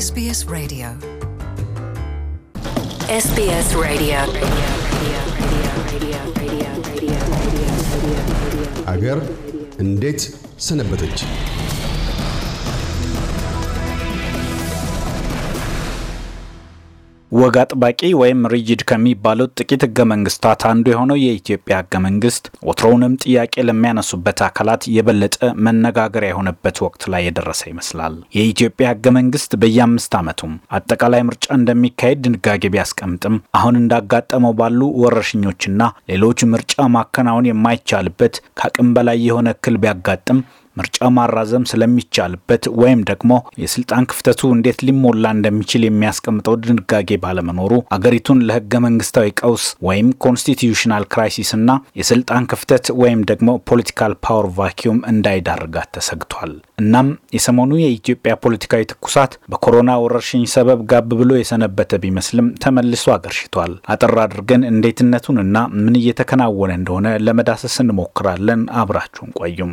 SBS Radio SBS Radio አገር እንዴት ሰነበተች? ወግ አጥባቂ ወይም ሪጂድ ከሚባሉት ጥቂት ህገ መንግስታት አንዱ የሆነው የኢትዮጵያ ህገ መንግስት ወትሮውንም ጥያቄ ለሚያነሱበት አካላት የበለጠ መነጋገሪያ የሆነበት ወቅት ላይ የደረሰ ይመስላል። የኢትዮጵያ ህገ መንግስት በየአምስት ዓመቱም አጠቃላይ ምርጫ እንደሚካሄድ ድንጋጌ ቢያስቀምጥም አሁን እንዳጋጠመው ባሉ ወረርሽኞችና ሌሎች ምርጫ ማከናወን የማይቻልበት ከአቅም በላይ የሆነ እክል ቢያጋጥም ምርጫ ማራዘም ስለሚቻልበት ወይም ደግሞ የስልጣን ክፍተቱ እንዴት ሊሞላ እንደሚችል የሚያስቀምጠው ድንጋጌ ባለመኖሩ አገሪቱን ለህገ መንግስታዊ ቀውስ ወይም ኮንስቲትዩሽናል ክራይሲስ እና የስልጣን ክፍተት ወይም ደግሞ ፖለቲካል ፓወር ቫኪዩም እንዳይዳርጋት ተሰግቷል። እናም የሰሞኑ የኢትዮጵያ ፖለቲካዊ ትኩሳት በኮሮና ወረርሽኝ ሰበብ ጋብ ብሎ የሰነበተ ቢመስልም ተመልሶ አገርሽቷል። አጠር አድርገን እንዴትነቱን ና ምን እየተከናወነ እንደሆነ ለመዳሰስ እንሞክራለን። አብራችሁን ቆዩም።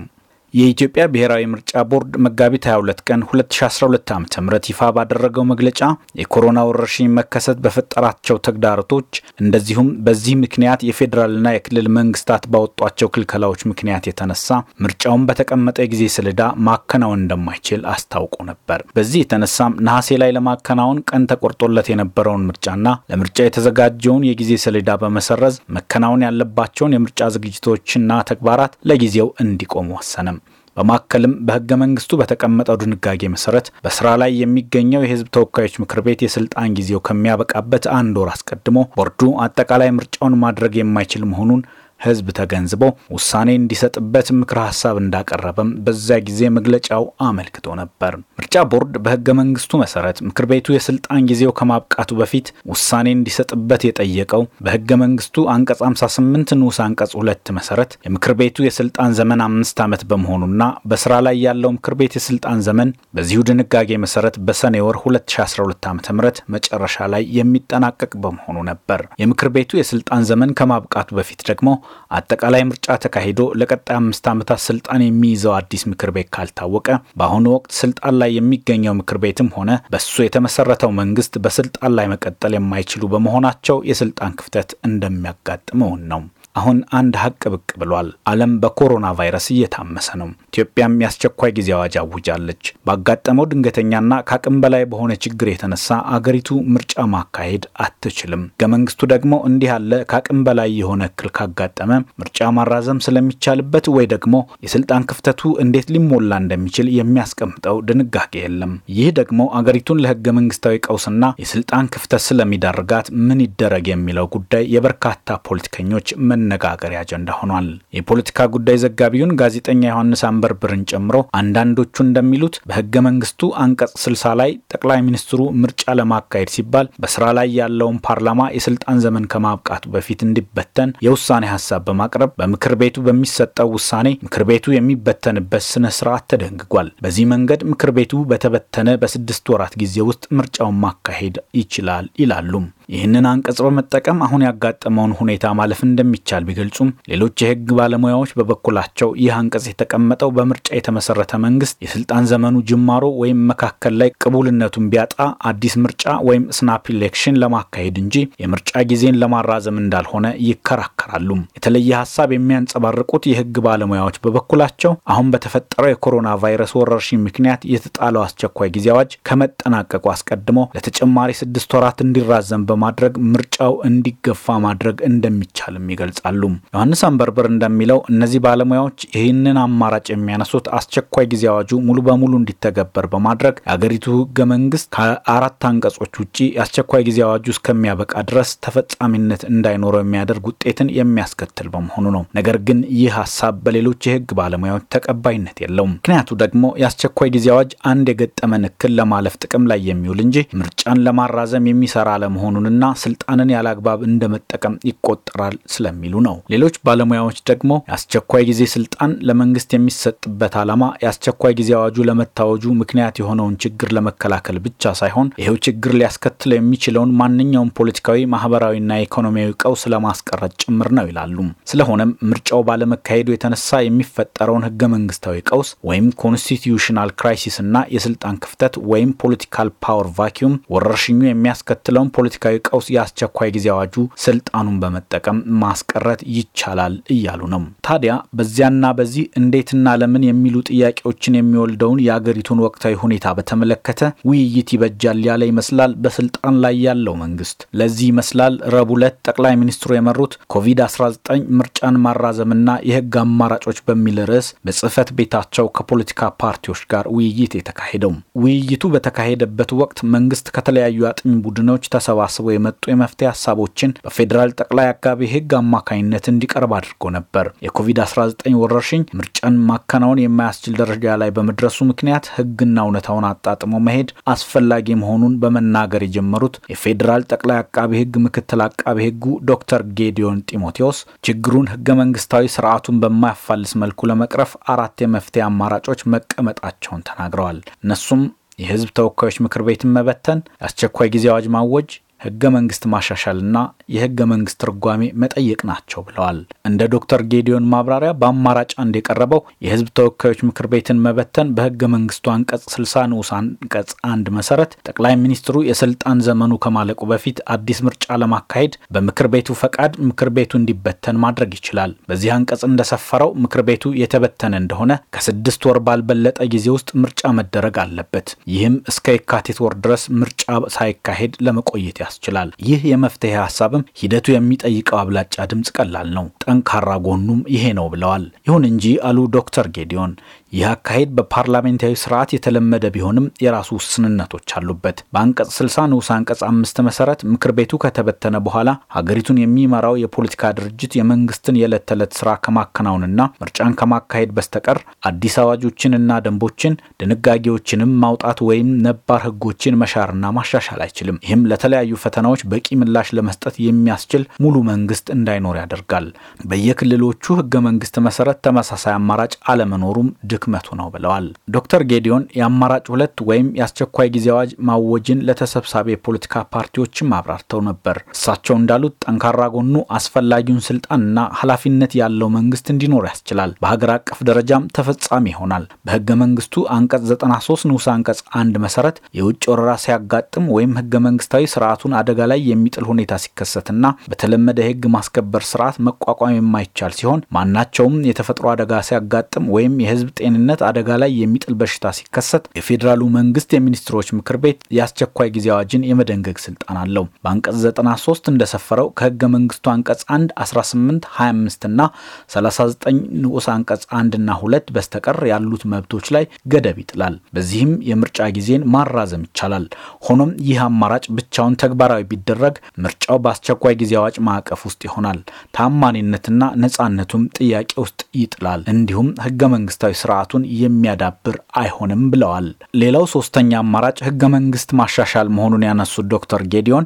የኢትዮጵያ ብሔራዊ ምርጫ ቦርድ መጋቢት 22 ቀን 2012 ዓ ም ይፋ ባደረገው መግለጫ የኮሮና ወረርሽኝ መከሰት በፈጠራቸው ተግዳሮቶች እንደዚሁም በዚህ ምክንያት የፌዴራልና የክልል መንግስታት ባወጧቸው ክልከላዎች ምክንያት የተነሳ ምርጫውን በተቀመጠ የጊዜ ሰሌዳ ማከናወን እንደማይችል አስታውቆ ነበር። በዚህ የተነሳም ነሐሴ ላይ ለማከናወን ቀን ተቆርጦለት የነበረውን ምርጫና ለምርጫ የተዘጋጀውን የጊዜ ሰሌዳ በመሰረዝ መከናወን ያለባቸውን የምርጫ ዝግጅቶችና ተግባራት ለጊዜው እንዲቆሙ ወሰነም። በማከልም በህገ መንግስቱ በተቀመጠው ድንጋጌ መሰረት በስራ ላይ የሚገኘው የህዝብ ተወካዮች ምክር ቤት የስልጣን ጊዜው ከሚያበቃበት አንድ ወር አስቀድሞ ቦርዱ አጠቃላይ ምርጫውን ማድረግ የማይችል መሆኑን ህዝብ ተገንዝቦ ውሳኔ እንዲሰጥበት ምክረ ሀሳብ እንዳቀረበም በዛ ጊዜ መግለጫው አመልክቶ ነበር። ምርጫ ቦርድ በህገ መንግስቱ መሰረት ምክር ቤቱ የስልጣን ጊዜው ከማብቃቱ በፊት ውሳኔ እንዲሰጥበት የጠየቀው በህገ መንግስቱ አንቀጽ 58 ንዑስ አንቀጽ 2 መሰረት የምክር ቤቱ የስልጣን ዘመን አምስት ዓመት በመሆኑና በስራ ላይ ያለው ምክር ቤት የስልጣን ዘመን በዚሁ ድንጋጌ መሰረት በሰኔ ወር 2012 ዓ ም መጨረሻ ላይ የሚጠናቀቅ በመሆኑ ነበር። የምክር ቤቱ የስልጣን ዘመን ከማብቃቱ በፊት ደግሞ አጠቃላይ ምርጫ ተካሂዶ ለቀጣይ አምስት ዓመታት ስልጣን የሚይዘው አዲስ ምክር ቤት ካልታወቀ በአሁኑ ወቅት ስልጣን ላይ የሚገኘው ምክር ቤትም ሆነ በሱ የተመሰረተው መንግስት በስልጣን ላይ መቀጠል የማይችሉ በመሆናቸው የስልጣን ክፍተት እንደሚያጋጥመውን ነው። አሁን አንድ ሀቅ ብቅ ብሏል። ዓለም በኮሮና ቫይረስ እየታመሰ ነው። ኢትዮጵያም የአስቸኳይ ጊዜ አዋጅ አውጃለች። ባጋጠመው ድንገተኛና ከአቅም በላይ በሆነ ችግር የተነሳ አገሪቱ ምርጫ ማካሄድ አትችልም። ሕገ መንግስቱ ደግሞ እንዲህ ያለ ከአቅም በላይ የሆነ እክል ካጋጠመ ምርጫ ማራዘም ስለሚቻልበት ወይ ደግሞ የስልጣን ክፍተቱ እንዴት ሊሞላ እንደሚችል የሚያስቀምጠው ድንጋጌ የለም። ይህ ደግሞ አገሪቱን ለሕገ መንግስታዊ ቀውስና የስልጣን ክፍተት ስለሚዳርጋት ምን ይደረግ የሚለው ጉዳይ የበርካታ ፖለቲከኞች መ መነጋገሪያ አጀንዳ ሆኗል። የፖለቲካ ጉዳይ ዘጋቢውን ጋዜጠኛ ዮሐንስ አንበርብርን ጨምሮ አንዳንዶቹ እንደሚሉት በህገ መንግስቱ አንቀጽ ስልሳ ላይ ጠቅላይ ሚኒስትሩ ምርጫ ለማካሄድ ሲባል በስራ ላይ ያለውን ፓርላማ የስልጣን ዘመን ከማብቃቱ በፊት እንዲበተን የውሳኔ ሀሳብ በማቅረብ በምክር ቤቱ በሚሰጠው ውሳኔ ምክር ቤቱ የሚበተንበት ስነ ስርዓት ተደንግጓል። በዚህ መንገድ ምክር ቤቱ በተበተነ በስድስት ወራት ጊዜ ውስጥ ምርጫውን ማካሄድ ይችላል ይላሉም። ይህንን አንቀጽ በመጠቀም አሁን ያጋጠመውን ሁኔታ ማለፍ እንደሚቻል ቢገልጹም ሌሎች የህግ ባለሙያዎች በበኩላቸው ይህ አንቀጽ የተቀመጠው በምርጫ የተመሰረተ መንግስት የስልጣን ዘመኑ ጅማሮ ወይም መካከል ላይ ቅቡልነቱን ቢያጣ አዲስ ምርጫ ወይም ስናፕ ኢሌክሽን ለማካሄድ እንጂ የምርጫ ጊዜን ለማራዘም እንዳልሆነ ይከራከራሉ። የተለየ ሀሳብ የሚያንጸባርቁት የህግ ባለሙያዎች በበኩላቸው አሁን በተፈጠረው የኮሮና ቫይረስ ወረርሽኝ ምክንያት የተጣለው አስቸኳይ ጊዜ አዋጅ ከመጠናቀቁ አስቀድሞ ለተጨማሪ ስድስት ወራት እንዲራዘም በ በማድረግ ምርጫው እንዲገፋ ማድረግ እንደሚቻልም ይገልጻሉ። ዮሐንስ አንበርበር እንደሚለው እነዚህ ባለሙያዎች ይህንን አማራጭ የሚያነሱት አስቸኳይ ጊዜ አዋጁ ሙሉ በሙሉ እንዲተገበር በማድረግ የአገሪቱ ህገ መንግስት ከአራት አንቀጾች ውጭ የአስቸኳይ ጊዜ አዋጁ እስከሚያበቃ ድረስ ተፈጻሚነት እንዳይኖረው የሚያደርግ ውጤትን የሚያስከትል በመሆኑ ነው። ነገር ግን ይህ ሀሳብ በሌሎች የህግ ባለሙያዎች ተቀባይነት የለውም። ምክንያቱ ደግሞ የአስቸኳይ ጊዜ አዋጅ አንድ የገጠመን እክል ለማለፍ ጥቅም ላይ የሚውል እንጂ ምርጫን ለማራዘም የሚሰራ አለመሆኑን መጠቀምና ስልጣንን ያለአግባብ እንደመጠቀም ይቆጠራል ስለሚሉ ነው። ሌሎች ባለሙያዎች ደግሞ የአስቸኳይ ጊዜ ስልጣን ለመንግስት የሚሰጥበት ዓላማ የአስቸኳይ ጊዜ አዋጁ ለመታወጁ ምክንያት የሆነውን ችግር ለመከላከል ብቻ ሳይሆን ይኸው ችግር ሊያስከትለው የሚችለውን ማንኛውም ፖለቲካዊ፣ ማህበራዊና ኢኮኖሚያዊ ቀውስ ለማስቀረት ጭምር ነው ይላሉ። ስለሆነም ምርጫው ባለመካሄዱ የተነሳ የሚፈጠረውን ህገ መንግስታዊ ቀውስ ወይም ኮንስቲትዩሽናል ክራይሲስ እና የስልጣን ክፍተት ወይም ፖለቲካል ፓወር ቫኪዩም ወረርሽኙ የሚያስከትለውን ፖለቲካዊ ቀውስ የአስቸኳይ ጊዜ አዋጁ ስልጣኑን በመጠቀም ማስቀረት ይቻላል እያሉ ነው። ታዲያ በዚያና በዚህ እንዴትና ለምን የሚሉ ጥያቄዎችን የሚወልደውን የአገሪቱን ወቅታዊ ሁኔታ በተመለከተ ውይይት ይበጃል ያለ ይመስላል በስልጣን ላይ ያለው መንግስት። ለዚህ ይመስላል ረቡዕ ዕለት ጠቅላይ ሚኒስትሩ የመሩት ኮቪድ-19 ምርጫን ማራዘምና የህግ አማራጮች በሚል ርዕስ በጽህፈት ቤታቸው ከፖለቲካ ፓርቲዎች ጋር ውይይት የተካሄደው። ውይይቱ በተካሄደበት ወቅት መንግስት ከተለያዩ አጥኝ ቡድኖች ተሰባስ ታስበው የመጡ የመፍትሄ ሀሳቦችን በፌዴራል ጠቅላይ አቃቢ ህግ አማካኝነት እንዲቀርብ አድርጎ ነበር። የኮቪድ-19 ወረርሽኝ ምርጫን ማከናወን የማያስችል ደረጃ ላይ በመድረሱ ምክንያት ህግና እውነታውን አጣጥሞ መሄድ አስፈላጊ መሆኑን በመናገር የጀመሩት የፌዴራል ጠቅላይ አቃቢ ህግ ምክትል አቃቢ ሕጉ ዶክተር ጌዲዮን ጢሞቴዎስ ችግሩን ህገ መንግስታዊ ስርዓቱን በማያፋልስ መልኩ ለመቅረፍ አራት የመፍትሄ አማራጮች መቀመጣቸውን ተናግረዋል። እነሱም የህዝብ ተወካዮች ምክር ቤትን መበተን፣ የአስቸኳይ ጊዜ አዋጅ ማወጅ፣ ህገ መንግስት ማሻሻልና የህገ መንግስት ትርጓሜ መጠየቅ ናቸው ብለዋል። እንደ ዶክተር ጌዲዮን ማብራሪያ በአማራጭ አንድ የቀረበው የህዝብ ተወካዮች ምክር ቤትን መበተን በህገ መንግስቱ አንቀጽ 60 ንዑስ አንቀጽ አንድ መሰረት ጠቅላይ ሚኒስትሩ የስልጣን ዘመኑ ከማለቁ በፊት አዲስ ምርጫ ለማካሄድ በምክር ቤቱ ፈቃድ ምክር ቤቱ እንዲበተን ማድረግ ይችላል። በዚህ አንቀጽ እንደሰፈረው ምክር ቤቱ የተበተነ እንደሆነ ከስድስት ወር ባልበለጠ ጊዜ ውስጥ ምርጫ መደረግ አለበት። ይህም እስከ የካቲት ወር ድረስ ምርጫ ሳይካሄድ ለመቆየት ያስችላል። ይህ የመፍትሄ ሀሳብ ቢቀርብም ሂደቱ የሚጠይቀው አብላጫ ድምፅ ቀላል ነው፣ ጠንካራ ጎኑም ይሄ ነው ብለዋል። ይሁን እንጂ አሉ ዶክተር ጌዲዮን ይህ አካሄድ በፓርላሜንታዊ ስርዓት የተለመደ ቢሆንም የራሱ ውስንነቶች አሉበት። በአንቀጽ 60 ንዑስ አንቀጽ አምስት መሰረት ምክር ቤቱ ከተበተነ በኋላ ሀገሪቱን የሚመራው የፖለቲካ ድርጅት የመንግስትን የዕለት ተዕለት ስራ ከማከናወንና ምርጫን ከማካሄድ በስተቀር አዲስ አዋጆችንና ደንቦችን ድንጋጌዎችንም ማውጣት ወይም ነባር ህጎችን መሻርና ማሻሻል አይችልም። ይህም ለተለያዩ ፈተናዎች በቂ ምላሽ ለመስጠት የሚያስችል ሙሉ መንግስት እንዳይኖር ያደርጋል። በየክልሎቹ ህገ መንግስት መሰረት ተመሳሳይ አማራጭ አለመኖሩም ድክመቱ ነው ብለዋል። ዶክተር ጌዲዮን የአማራጭ ሁለት ወይም የአስቸኳይ ጊዜ አዋጅ ማወጅን ለተሰብሳቢ የፖለቲካ ፓርቲዎችም አብራርተው ነበር። እሳቸው እንዳሉት ጠንካራ ጎኑ አስፈላጊውን ስልጣንና ኃላፊነት ያለው መንግስት እንዲኖር ያስችላል። በሀገር አቀፍ ደረጃም ተፈጻሚ ይሆናል። በህገ መንግስቱ አንቀጽ 93 ንዑስ አንቀጽ አንድ መሰረት የውጭ ወረራ ሲያጋጥም ወይም ህገ መንግስታዊ ስርዓቱን አደጋ ላይ የሚጥል ሁኔታ ሲከሰትና በተለመደ የህግ ማስከበር ስርዓት መቋቋም የማይቻል ሲሆን ማናቸውም የተፈጥሮ አደጋ ሲያጋጥም ወይም የህዝብ ጤና ጤንነት አደጋ ላይ የሚጥል በሽታ ሲከሰት የፌዴራሉ መንግስት የሚኒስትሮች ምክር ቤት የአስቸኳይ ጊዜ አዋጅን የመደንገግ ስልጣን አለው። በአንቀጽ 93 እንደሰፈረው ከህገ መንግስቱ አንቀጽ 1፣ 18፣ 25 ና 39 ንዑስ አንቀጽ 1 ና 2 በስተቀር ያሉት መብቶች ላይ ገደብ ይጥላል። በዚህም የምርጫ ጊዜን ማራዘም ይቻላል። ሆኖም ይህ አማራጭ ብቻውን ተግባራዊ ቢደረግ ምርጫው በአስቸኳይ ጊዜ አዋጅ ማዕቀፍ ውስጥ ይሆናል። ታማኒነትና ነጻነቱም ጥያቄ ውስጥ ይጥላል። እንዲሁም ህገ መንግስታዊ ስራ ስርዓቱን የሚያዳብር አይሆንም ብለዋል። ሌላው ሶስተኛ አማራጭ ህገ መንግስት ማሻሻል መሆኑን ያነሱት ዶክተር ጌዲዮን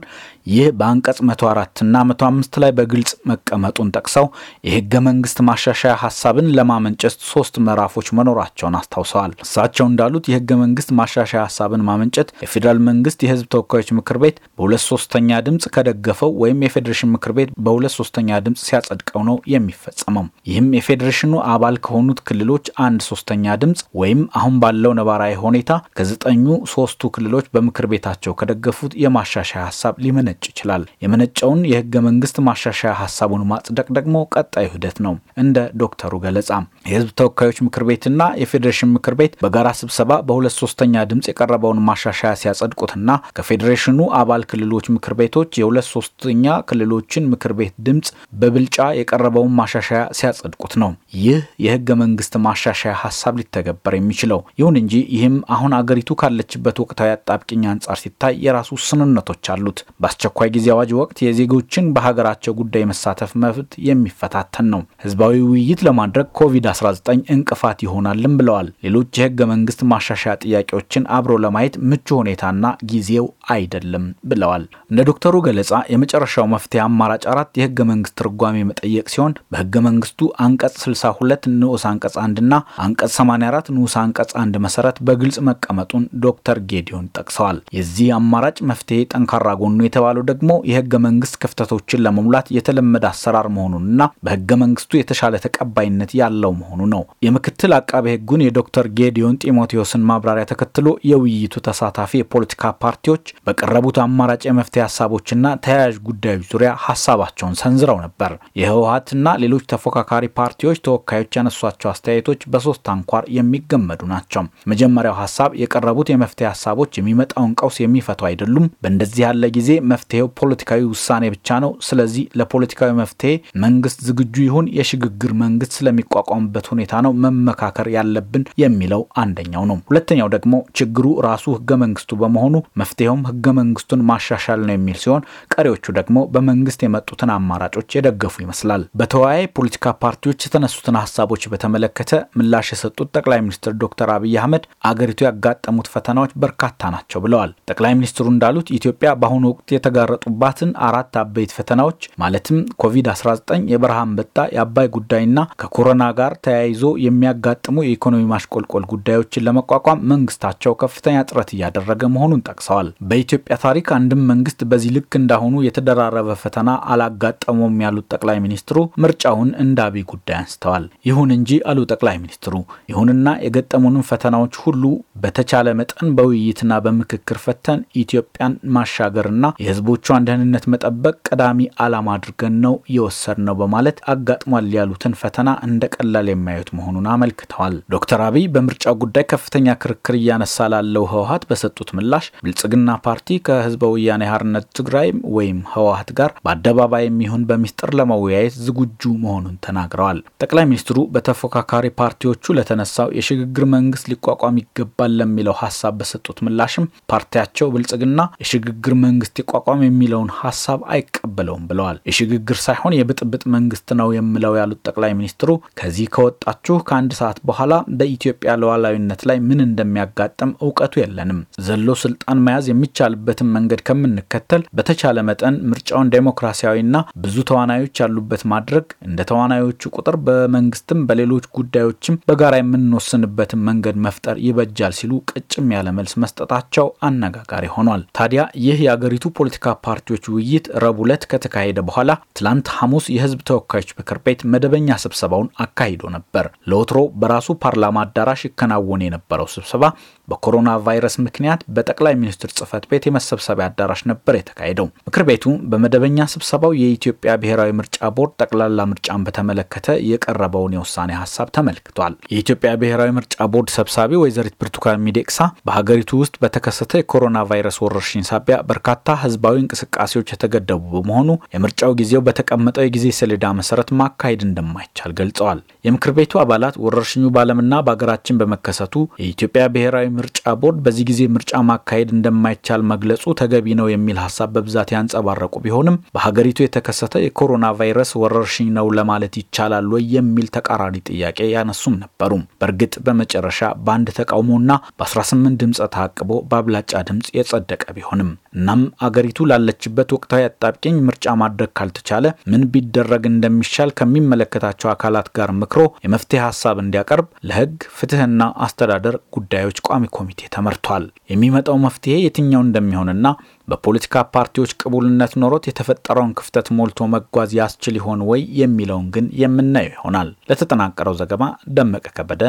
ይህ በአንቀጽ 104 እና 105 ላይ በግልጽ መቀመጡን ጠቅሰው የህገ መንግስት ማሻሻያ ሀሳብን ለማመንጨት ሶስት ምዕራፎች መኖራቸውን አስታውሰዋል። እሳቸው እንዳሉት የህገ መንግስት ማሻሻያ ሀሳብን ማመንጨት የፌዴራል መንግስት የህዝብ ተወካዮች ምክር ቤት በሁለት ሶስተኛ ድምፅ ከደገፈው ወይም የፌዴሬሽን ምክር ቤት በሁለት ሶስተኛ ድምፅ ሲያጸድቀው ነው የሚፈጸመው። ይህም የፌዴሬሽኑ አባል ከሆኑት ክልሎች አንድ ሶስተኛ ድምፅ ወይም አሁን ባለው ነባራዊ ሁኔታ ከዘጠኙ ሶስቱ ክልሎች በምክር ቤታቸው ከደገፉት የማሻሻያ ሀሳብ ሊመነ ሊመነጭ ይችላል። የመነጨውን የህገ መንግስት ማሻሻያ ሀሳቡን ማጽደቅ ደግሞ ቀጣዩ ሂደት ነው። እንደ ዶክተሩ ገለጻ የህዝብ ተወካዮች ምክር ቤትና የፌዴሬሽን ምክር ቤት በጋራ ስብሰባ በሁለት ሶስተኛ ድምፅ የቀረበውን ማሻሻያ ሲያጸድቁትና ከፌዴሬሽኑ አባል ክልሎች ምክር ቤቶች የሁለት ሶስተኛ ክልሎችን ምክር ቤት ድምፅ በብልጫ የቀረበውን ማሻሻያ ሲያጸድቁት ነው ይህ የህገ መንግስት ማሻሻያ ሀሳብ ሊተገበር የሚችለው። ይሁን እንጂ ይህም አሁን አገሪቱ ካለችበት ወቅታዊ አጣብቂኝ አንጻር ሲታይ የራሱ ስንነቶች አሉት። በአስቸኳይ ጊዜ አዋጅ ወቅት የዜጎችን በሀገራቸው ጉዳይ መሳተፍ መብት የሚፈታተን ነው። ህዝባዊ ውይይት ለማድረግ ኮቪድ 19 እንቅፋት ይሆናልም ብለዋል። ሌሎች የህገ መንግስት ማሻሻያ ጥያቄዎችን አብሮ ለማየት ምቹ ሁኔታና ጊዜው አይደለም ብለዋል። እንደ ዶክተሩ ገለጻ የመጨረሻው መፍትሄ አማራጭ አራት የህገ መንግስት ትርጓሜ መጠየቅ ሲሆን በህገ መንግስቱ አንቀጽ 62 ንዑስ አንቀጽ 1ና አንቀጽ 84 ንዑስ አንቀጽ 1 መሰረት በግልጽ መቀመጡን ዶክተር ጌዲዮን ጠቅሰዋል። የዚህ አማራጭ መፍትሄ ጠንካራ ጎኑ የተባለው ደግሞ የህገ መንግስት ክፍተቶችን ለመሙላት የተለመደ አሰራር መሆኑንና በህገ መንግስቱ የተሻለ ተቀባይነት ያለው መሆኑ ነው። የምክትል አቃቤ ህጉን የዶክተር ጌዲዮን ጢሞቴዎስን ማብራሪያ ተከትሎ የውይይቱ ተሳታፊ የፖለቲካ ፓርቲዎች በቀረቡት አማራጭ የመፍትሄ ሀሳቦችና ተያያዥ ጉዳዮች ዙሪያ ሀሳባቸውን ሰንዝረው ነበር። የህወሀትና ሌሎች ተፎካካሪ ፓርቲዎች ተወካዮች ያነሷቸው አስተያየቶች በሶስት አንኳር የሚገመዱ ናቸው። መጀመሪያው ሀሳብ የቀረቡት የመፍትሄ ሀሳቦች የሚመጣውን ቀውስ የሚፈቱ አይደሉም። በእንደዚህ ያለ ጊዜ መፍትሄው ፖለቲካዊ ውሳኔ ብቻ ነው። ስለዚህ ለፖለቲካዊ መፍትሄ መንግስት ዝግጁ ይሁን፣ የሽግግር መንግስት ስለሚቋቋም ያለበት ሁኔታ ነው መመካከር ያለብን የሚለው አንደኛው ነው። ሁለተኛው ደግሞ ችግሩ ራሱ ህገ መንግስቱ በመሆኑ መፍትሄውም ህገ መንግስቱን ማሻሻል ነው የሚል ሲሆን፣ ቀሪዎቹ ደግሞ በመንግስት የመጡትን አማራጮች የደገፉ ይመስላል። በተወያይ ፖለቲካ ፓርቲዎች የተነሱትን ሀሳቦች በተመለከተ ምላሽ የሰጡት ጠቅላይ ሚኒስትር ዶክተር አብይ አህመድ አገሪቱ ያጋጠሙት ፈተናዎች በርካታ ናቸው ብለዋል። ጠቅላይ ሚኒስትሩ እንዳሉት ኢትዮጵያ በአሁኑ ወቅት የተጋረጡባትን አራት አበይት ፈተናዎች ማለትም ኮቪድ-19፣ የበረሃ አንበጣ፣ የአባይ ጉዳይና ከኮሮና ጋር ተያይዞ የሚያጋጥሙ የኢኮኖሚ ማሽቆልቆል ጉዳዮችን ለመቋቋም መንግስታቸው ከፍተኛ ጥረት እያደረገ መሆኑን ጠቅሰዋል። በኢትዮጵያ ታሪክ አንድም መንግስት በዚህ ልክ እንዳሁኑ የተደራረበ ፈተና አላጋጠመውም ያሉት ጠቅላይ ሚኒስትሩ ምርጫውን እንደ አብይ ጉዳይ አንስተዋል። ይሁን እንጂ አሉ ጠቅላይ ሚኒስትሩ፣ ይሁንና የገጠሙንም ፈተናዎች ሁሉ በተቻለ መጠን በውይይትና በምክክር ፈተን ኢትዮጵያን ማሻገርና የህዝቦቿን ደህንነት መጠበቅ ቀዳሚ ዓላማ አድርገን ነው የወሰድነው በማለት አጋጥሟል ያሉትን ፈተና እንደ ቀላል የማያዩት መሆኑን አመልክተዋል። ዶክተር አብይ በምርጫው ጉዳይ ከፍተኛ ክርክር እያነሳ ላለው ህወሀት በሰጡት ምላሽ ብልጽግና ፓርቲ ከህዝበ ወያኔ ሀርነት ትግራይ ወይም ህወሀት ጋር በአደባባይ የሚሆን በሚስጥር ለመወያየት ዝግጁ መሆኑን ተናግረዋል። ጠቅላይ ሚኒስትሩ በተፎካካሪ ፓርቲዎቹ ለተነሳው የሽግግር መንግስት ሊቋቋም ይገባል ለሚለው ሀሳብ በሰጡት ምላሽም ፓርቲያቸው ብልጽግና የሽግግር መንግስት ሊቋቋም የሚለውን ሀሳብ አይቀበለውም ብለዋል። የሽግግር ሳይሆን የብጥብጥ መንግስት ነው የምለው ያሉት ጠቅላይ ሚኒስትሩ ከዚህ ከ ከወጣችሁ ከአንድ ሰዓት በኋላ በኢትዮጵያ ሉዓላዊነት ላይ ምን እንደሚያጋጥም እውቀቱ የለንም። ዘሎ ስልጣን መያዝ የሚቻልበትን መንገድ ከምንከተል በተቻለ መጠን ምርጫውን ዴሞክራሲያዊና ብዙ ተዋናዮች ያሉበት ማድረግ እንደ ተዋናዮቹ ቁጥር በመንግስትም በሌሎች ጉዳዮችም በጋራ የምንወስንበትን መንገድ መፍጠር ይበጃል ሲሉ ቅጭም ያለ መልስ መስጠታቸው አነጋጋሪ ሆኗል። ታዲያ ይህ የአገሪቱ ፖለቲካ ፓርቲዎች ውይይት ረቡዕ ዕለት ከተካሄደ በኋላ ትላንት ሐሙስ የህዝብ ተወካዮች ምክር ቤት መደበኛ ስብሰባውን አካሂዷል። ተካሂዶ ነበር። ለወትሮ በራሱ ፓርላማ አዳራሽ ይከናወን የነበረው ስብሰባ በኮሮና ቫይረስ ምክንያት በጠቅላይ ሚኒስትር ጽህፈት ቤት የመሰብሰቢያ አዳራሽ ነበር የተካሄደው። ምክር ቤቱ በመደበኛ ስብሰባው የኢትዮጵያ ብሔራዊ ምርጫ ቦርድ ጠቅላላ ምርጫን በተመለከተ የቀረበውን የውሳኔ ሀሳብ ተመልክቷል። የኢትዮጵያ ብሔራዊ ምርጫ ቦርድ ሰብሳቢ ወይዘሪት ብርቱካን ሚደቅሳ በሀገሪቱ ውስጥ በተከሰተ የኮሮና ቫይረስ ወረርሽኝ ሳቢያ በርካታ ህዝባዊ እንቅስቃሴዎች የተገደቡ በመሆኑ የምርጫው ጊዜው በተቀመጠው የጊዜ ሰሌዳ መሰረት ማካሄድ እንደማይቻል ገልጸዋል። የምክር ቤቱ አባላት ወረርሽኙ በዓለምና በሀገራችን በመከሰቱ የኢትዮጵያ ብሔራዊ ምርጫ ቦርድ በዚህ ጊዜ ምርጫ ማካሄድ እንደማይቻል መግለጹ ተገቢ ነው የሚል ሀሳብ በብዛት ያንጸባረቁ ቢሆንም በሀገሪቱ የተከሰተ የኮሮና ቫይረስ ወረርሽኝ ነው ለማለት ይቻላል ወይ የሚል ተቃራኒ ጥያቄ ያነሱም ነበሩ። በእርግጥ በመጨረሻ በአንድ ተቃውሞና በ18 ድምፀ ተአቅቦ በአብላጫ ድምፅ የጸደቀ ቢሆንም እናም አገሪቱ ላለችበት ወቅታዊ አጣብቂኝ ምርጫ ማድረግ ካልተቻለ ምን ቢደረግ እንደሚሻል ከሚመለከታቸው አካላት ጋር ምክሮ የመፍትሄ ሀሳብ እንዲያቀርብ ለህግ ፍትህና አስተዳደር ጉዳዮች ቋሚ ኮሚቴ ተመርቷል። የሚመጣው መፍትሄ የትኛው እንደሚሆንና በፖለቲካ ፓርቲዎች ቅቡልነት ኖሮት የተፈጠረውን ክፍተት ሞልቶ መጓዝ ያስችል ይሆን ወይ የሚለውን ግን የምናየው ይሆናል። ለተጠናቀረው ዘገባ ደመቀ ከበደ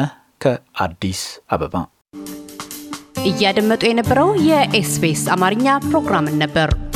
ከአዲስ አበባ። እያደመጡ የነበረው የኤስቢኤስ አማርኛ ፕሮግራምን ነበር።